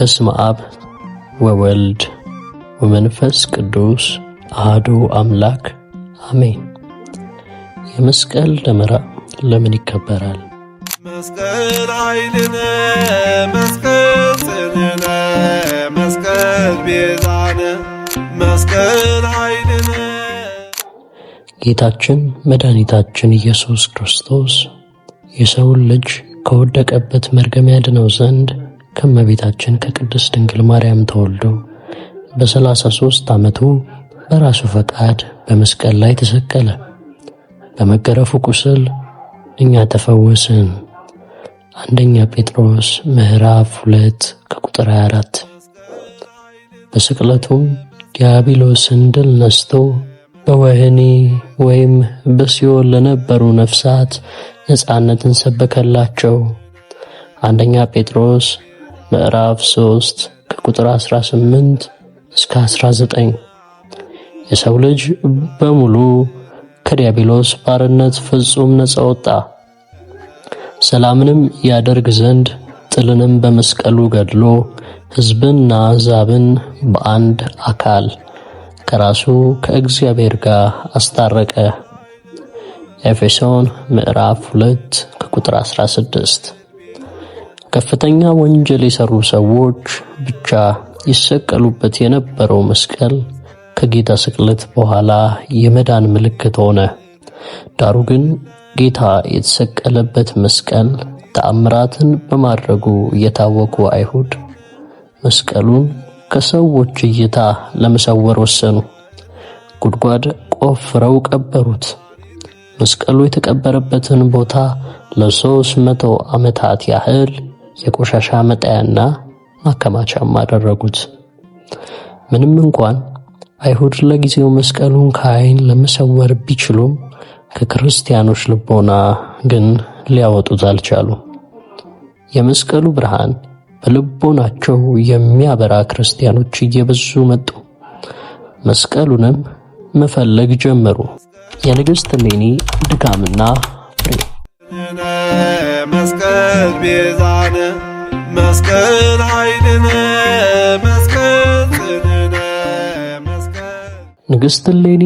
በስመ አብ ወወልድ ወመንፈስ ቅዱስ አህዱ አምላክ አሜን። የመስቀል ደመራ ለምን ይከበራል? መስቀል ኃይልነ፣ መስቀል ጽንዕነ፣ መስቀል ቤዛነ፣ መስቀል ኃይልነ። ጌታችን መድኃኒታችን ኢየሱስ ክርስቶስ የሰውን ልጅ ከወደቀበት መርገም ያድነው ዘንድ ከመቤታችን ከቅድስት ድንግል ማርያም ተወልዶ በ33 ዓመቱ በራሱ ፈቃድ በመስቀል ላይ ተሰቀለ። በመገረፉ ቁስል እኛ ተፈወስን። አንደኛ ጴጥሮስ ምዕራፍ 2 ከቁጥር 24። በስቅለቱም ዲያብሎስን ድል ነስቶ በወህኒ ወይም በሲኦል ለነበሩ ነፍሳት ነፃነትን ሰበከላቸው። አንደኛ ጴጥሮስ ምዕራፍ 3 ከቁጥር 18 እስከ 19 የሰው ልጅ በሙሉ ከዲያብሎስ ባርነት ፍጹም ነጻ ወጣ። ሰላምንም ያደርግ ዘንድ ጥልንም በመስቀሉ ገድሎ ሕዝብንና አሕዛብን በአንድ አካል ከራሱ ከእግዚአብሔር ጋር አስታረቀ። ኤፌሶን ምዕራፍ 2 ከቁጥር 16 ከፍተኛ ወንጀል የሰሩ ሰዎች ብቻ ይሰቀሉበት የነበረው መስቀል ከጌታ ስቅለት በኋላ የመዳን ምልክት ሆነ። ዳሩ ግን ጌታ የተሰቀለበት መስቀል ተአምራትን በማድረጉ የታወቁ አይሁድ መስቀሉን ከሰዎች እይታ ለመሰወር ወሰኑ። ጉድጓድ ቆፍረው ቀበሩት። መስቀሉ የተቀበረበትን ቦታ ለሶስት መቶ ዓመታት ያህል የቆሻሻ መጣያና ማከማቻም አደረጉት። ምንም እንኳን አይሁድ ለጊዜው መስቀሉን ከአይን ለመሰወር ቢችሉም ከክርስቲያኖች ልቦና ግን ሊያወጡት አልቻሉ። የመስቀሉ ብርሃን በልቦናቸው የሚያበራ ክርስቲያኖች እየበዙ መጡ። መስቀሉንም መፈለግ ጀመሩ። የንግሥት እሌኒ ድካምና ፍሬ መስቀል ቤዛነ መስቀል ኃይልነ መስቀል ጽንዕነ መስቀል። ንግሥት እሌኒ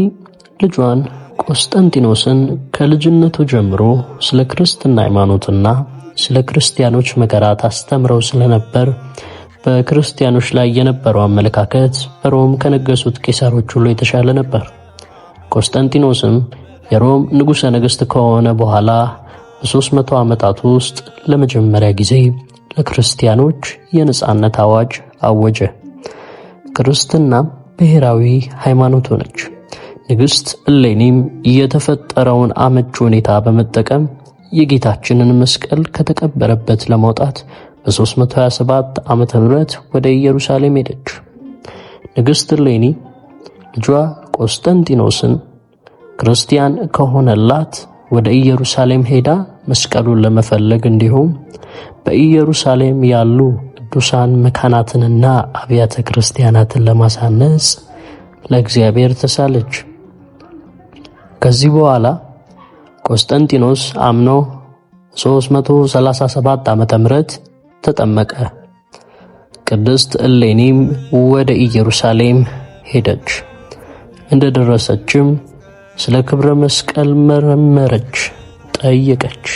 ልጇን ቆስጠንጢኖስን ከልጅነቱ ጀምሮ ስለ ክርስትና ሃይማኖትና ስለ ክርስቲያኖች መከራ ታስተምረው ስለነበር በክርስቲያኖች ላይ የነበረው አመለካከት በሮም ከነገሱት ቄሳሮች ሁሉ የተሻለ ነበር። ቆስጠንጢኖስም የሮም ንጉሠ ነገሥት ከሆነ በኋላ በሦስት መቶ ዓመታት ውስጥ ለመጀመሪያ ጊዜ ለክርስቲያኖች የነጻነት አዋጅ አወጀ። ክርስትና ብሔራዊ ሃይማኖት ሆነች። ንግሥት እሌኒም የተፈጠረውን አመች ሁኔታ በመጠቀም የጌታችንን መስቀል ከተቀበረበት ለማውጣት በ327 ዓመተ ምህረት ወደ ኢየሩሳሌም ሄደች። ንግሥት እሌኒ ልጇ ቆስጠንጢኖስን ክርስቲያን ከሆነላት ወደ ኢየሩሳሌም ሄዳ መስቀሉን ለመፈለግ እንዲሁም በኢየሩሳሌም ያሉ ቅዱሳን መካናትንና አብያተ ክርስቲያናትን ለማሳነጽ ለእግዚአብሔር ተሳለች። ከዚህ በኋላ ቆስጠንጢኖስ አምኖ 337 ዓ ም ተጠመቀ። ቅድስት እሌኒም ወደ ኢየሩሳሌም ሄደች። እንደደረሰችም ስለ ክብረ መስቀል መረመረች፣ ጠየቀች።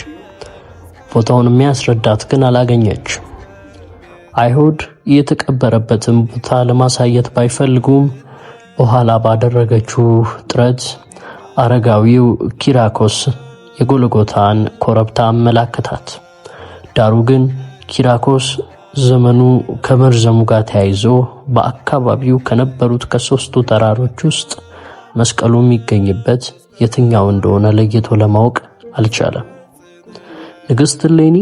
ቦታውን የሚያስረዳት ግን አላገኘች። አይሁድ የተቀበረበትን ቦታ ለማሳየት ባይፈልጉም በኋላ ባደረገችው ጥረት አረጋዊው ኪራኮስ የጎልጎታን ኮረብታ አመላከታት። ዳሩ ግን ኪራኮስ ዘመኑ ከመርዘሙ ጋር ተያይዞ በአካባቢው ከነበሩት ከሦስቱ ተራሮች ውስጥ መስቀሉ የሚገኝበት የትኛው እንደሆነ ለይቶ ለማወቅ አልቻለም። ንግሥት ሌኒ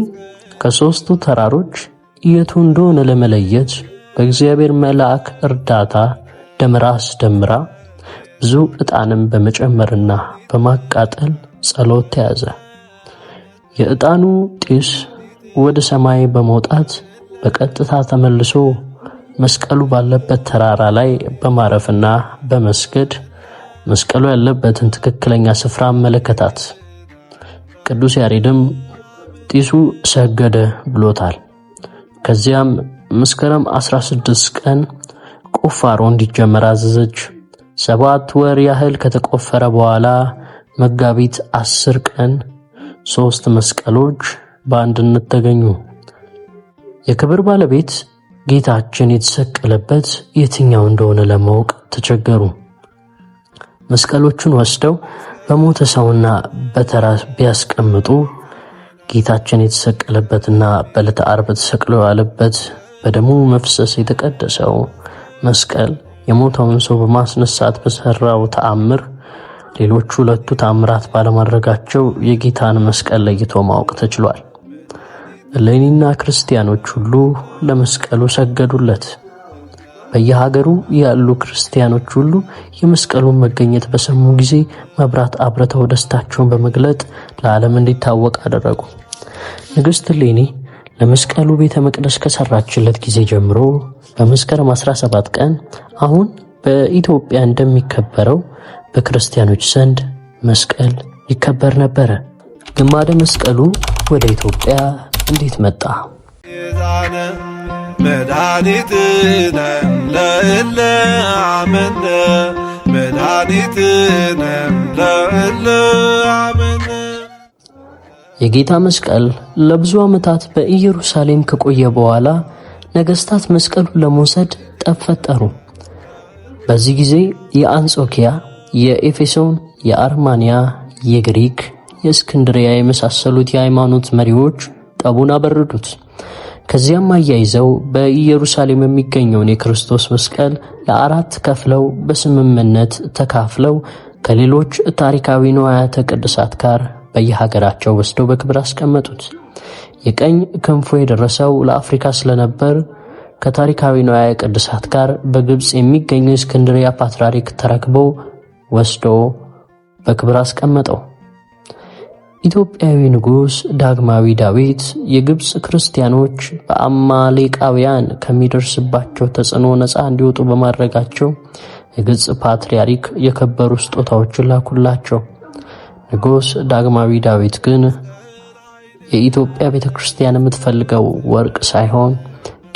ከሦስቱ ተራሮች የቱ እንደሆነ ለመለየት በእግዚአብሔር መልአክ እርዳታ ደምራ አስደምራ ብዙ ዕጣንም በመጨመርና በማቃጠል ጸሎት ተያዘ። የዕጣኑ ጢስ ወደ ሰማይ በመውጣት በቀጥታ ተመልሶ መስቀሉ ባለበት ተራራ ላይ በማረፍና በመስገድ መስቀሉ ያለበትን ትክክለኛ ስፍራ አመለከታት። ቅዱስ ያሬድም ጢሱ ሰገደ ብሎታል። ከዚያም መስከረም 16 ቀን ቁፋሮ እንዲጀመር አዘዘች። ሰባት ወር ያህል ከተቆፈረ በኋላ መጋቢት 10 ቀን ሶስት መስቀሎች በአንድነት ተገኙ። የክብር ባለቤት ጌታችን የተሰቀለበት የትኛው እንደሆነ ለማወቅ ተቸገሩ። መስቀሎቹን ወስደው በሞተ ሰውና በተራ ቢያስቀምጡ ጌታችን የተሰቀለበትና በዕለተ ዓርብ ተሰቅሎ ያለበት በደሙ መፍሰስ የተቀደሰው መስቀል የሞተውን ሰው በማስነሳት በሰራው ተአምር ሌሎቹ ሁለቱ ተአምራት ባለማድረጋቸው የጌታን መስቀል ለይቶ ማወቅ ተችሏል። እሌኒና ክርስቲያኖች ሁሉ ለመስቀሉ ሰገዱለት። በየሀገሩ ያሉ ክርስቲያኖች ሁሉ የመስቀሉን መገኘት በሰሙ ጊዜ መብራት አብርተው ደስታቸውን በመግለጥ ለዓለም እንዲታወቅ አደረጉ። ንግሥት ሌኒ ለመስቀሉ ቤተ መቅደስ ከሰራችለት ጊዜ ጀምሮ በመስከረም 17 ቀን አሁን በኢትዮጵያ እንደሚከበረው በክርስቲያኖች ዘንድ መስቀል ይከበር ነበረ። ግማደ መስቀሉ ወደ ኢትዮጵያ እንዴት መጣ? መድኃኒትነም ለእለ አመነ ለእለ አመነ። የጌታ መስቀል ለብዙ ዓመታት በኢየሩሳሌም ከቆየ በኋላ ነገሥታት መስቀሉን ለመውሰድ ጠፈጠሩ። በዚህ ጊዜ የአንጾኪያ፣ የኤፌሶን፣ የአርማንያ፣ የግሪክ፣ የእስክንድሪያ የመሳሰሉት የሃይማኖት መሪዎች ጠቡን አበረዱት። ከዚያም አያይዘው በኢየሩሳሌም የሚገኘውን የክርስቶስ መስቀል ለአራት ከፍለው በስምምነት ተካፍለው ከሌሎች ታሪካዊ ንዋያተ ቅድሳት ጋር በየሀገራቸው ወስደው በክብር አስቀመጡት። የቀኝ ክንፉ የደረሰው ለአፍሪካ ስለነበር ከታሪካዊ ንዋየ ቅድሳት ጋር በግብፅ የሚገኘው እስክንድሪያ ፓትርያርክ ተረክቦ ወስዶ በክብር አስቀመጠው። ኢትዮጵያዊ ንጉሥ ዳግማዊ ዳዊት የግብፅ ክርስቲያኖች በአማሌቃውያን ከሚደርስባቸው ተጽዕኖ ነፃ እንዲወጡ በማድረጋቸው የግብፅ ፓትርያርክ የከበሩ ስጦታዎችን ላኩላቸው። ንጉሥ ዳግማዊ ዳዊት ግን የኢትዮጵያ ቤተ ክርስቲያን የምትፈልገው ወርቅ ሳይሆን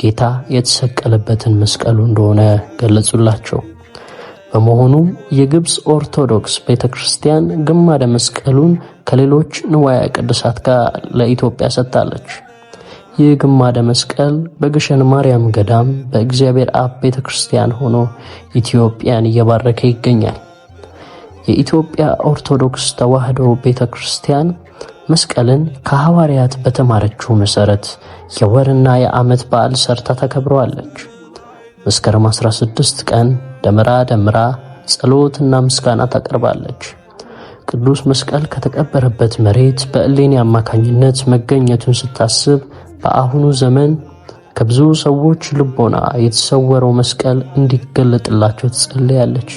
ጌታ የተሰቀለበትን መስቀሉ እንደሆነ ገለጹላቸው። በመሆኑም የግብፅ ኦርቶዶክስ ቤተ ክርስቲያን ግማደ መስቀሉን ከሌሎች ንዋያ ቅድሳት ጋር ለኢትዮጵያ ሰጥታለች። ይህ ግማደ መስቀል በግሸን ማርያም ገዳም በእግዚአብሔር አብ ቤተ ክርስቲያን ሆኖ ኢትዮጵያን እየባረከ ይገኛል። የኢትዮጵያ ኦርቶዶክስ ተዋሕዶ ቤተ ክርስቲያን መስቀልን ከሐዋርያት በተማረችው መሠረት የወርና የዓመት በዓል ሰርታ ተከብረዋለች። መስከረም 16 ቀን ደመራ ደምራ ጸሎትና ምስጋና ታቀርባለች። ቅዱስ መስቀል ከተቀበረበት መሬት በእሌኒ አማካኝነት መገኘቱን ስታስብ በአሁኑ ዘመን ከብዙ ሰዎች ልቦና የተሰወረው መስቀል እንዲገለጥላቸው ትጸልያለች።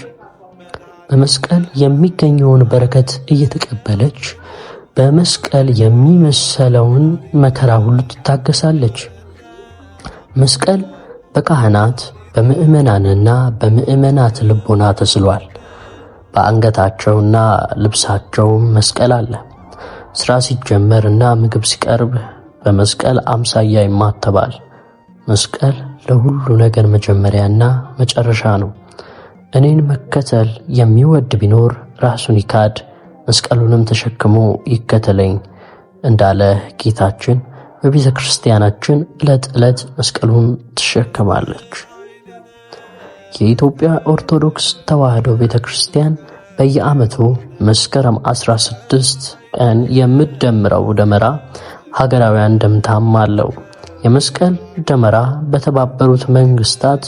በመስቀል የሚገኘውን በረከት እየተቀበለች በመስቀል የሚመሰለውን መከራ ሁሉ ትታገሳለች። መስቀል በካህናት በምዕመናንና በምዕመናት ልቦና ተስሏል። በአንገታቸውና ልብሳቸው መስቀል አለ። ስራ ሲጀመር እና ምግብ ሲቀርብ በመስቀል አምሳያ ይማተባል። መስቀል ለሁሉ ነገር መጀመሪያና መጨረሻ ነው። እኔን መከተል የሚወድ ቢኖር ራሱን ይካድ፣ መስቀሉንም ተሸክሞ ይከተለኝ እንዳለ ጌታችን በቤተ ክርስቲያናችን ዕለት ዕለት መስቀሉን ትሸከማለች። የኢትዮጵያ ኦርቶዶክስ ተዋሕዶ ቤተ ክርስቲያን በየዓመቱ መስከረም 16 ቀን የምደምረው ደመራ ሀገራዊ አንድምታም አለው። የመስቀል ደመራ በተባበሩት መንግስታት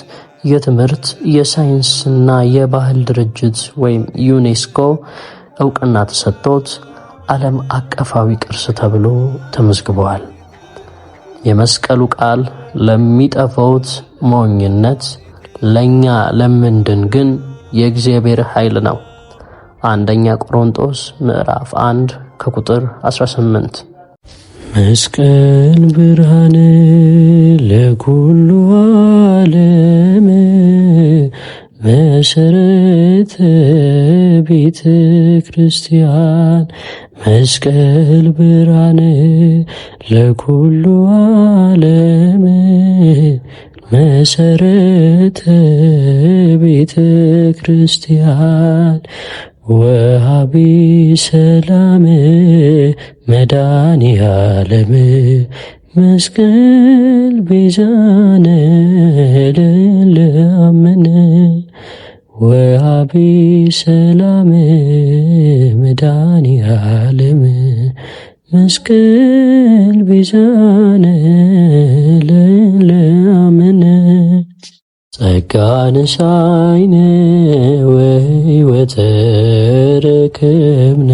የትምህርት የሳይንስና የባህል ድርጅት ወይም ዩኔስኮ እውቅና ተሰጥቶት ዓለም አቀፋዊ ቅርስ ተብሎ ተመዝግበዋል። የመስቀሉ ቃል ለሚጠፋውት ሞኝነት ለኛ ለምንድን ግን የእግዚአብሔር ኃይል ነው። አንደኛ ቆሮንቶስ ምዕራፍ 1 ከቁጥር 18። መስቀል ብርሃን ለኩሉ ዓለም መሰረተ ቤተ ክርስቲያን መስቀል ብርሃን ለኩሉ ዓለም መሰረተ ቤተ ክርስቲያን ወሃቢ ሰላም መዳን ያለም መስቀል ቤዛነ ለለአመነ ወሃቢ ሰላም መዳን ያለም መስቀል ቤዛነ ለለ ጸጋ ንሳይነ ወሕይወተ ረከብነ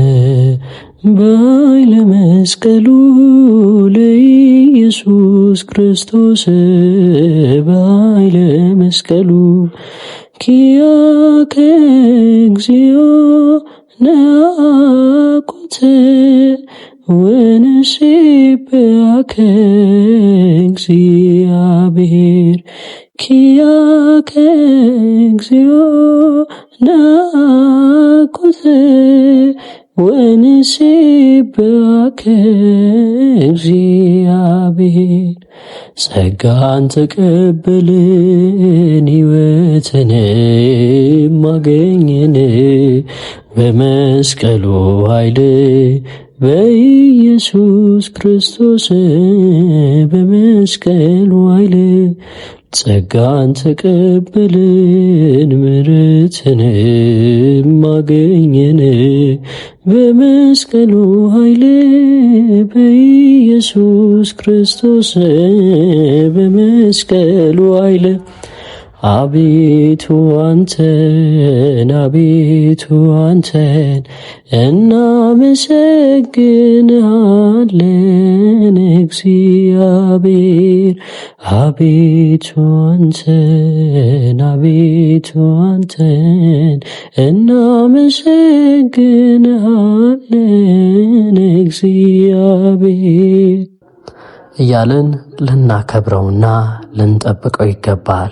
በኃይለ መስቀሉ ለኢየሱስ ክርስቶስ በኃይለ መስቀሉ ኪያከ እግዚኦ ነአቁተ ወንሴብሐከ እግዚአብሔር ኪያከ እግዚኦ ናኩት ወንሴብከ እግዚአብሔር ጸጋን ተቀበልን ሕይወትን ማገኘን በመስቀሉ ኃይል በኢየሱስ ክርስቶስ በመስቀሉ ኃይል ጸጋን ተቀበልን ምሕረትንም አገኘን በመስቀሉ ኃይል በኢየሱስ ክርስቶስ በመስቀሉ ኃይል አቤቱ አንተን አቤቱ አንተን እናመሰግንሃለን እግዚአብሔር። አቤቱ አንተን አቤቱ አንተን እናመሰግንሃለን እግዚአብሔር እያለን ልናከብረውና ልንጠብቀው ይገባል።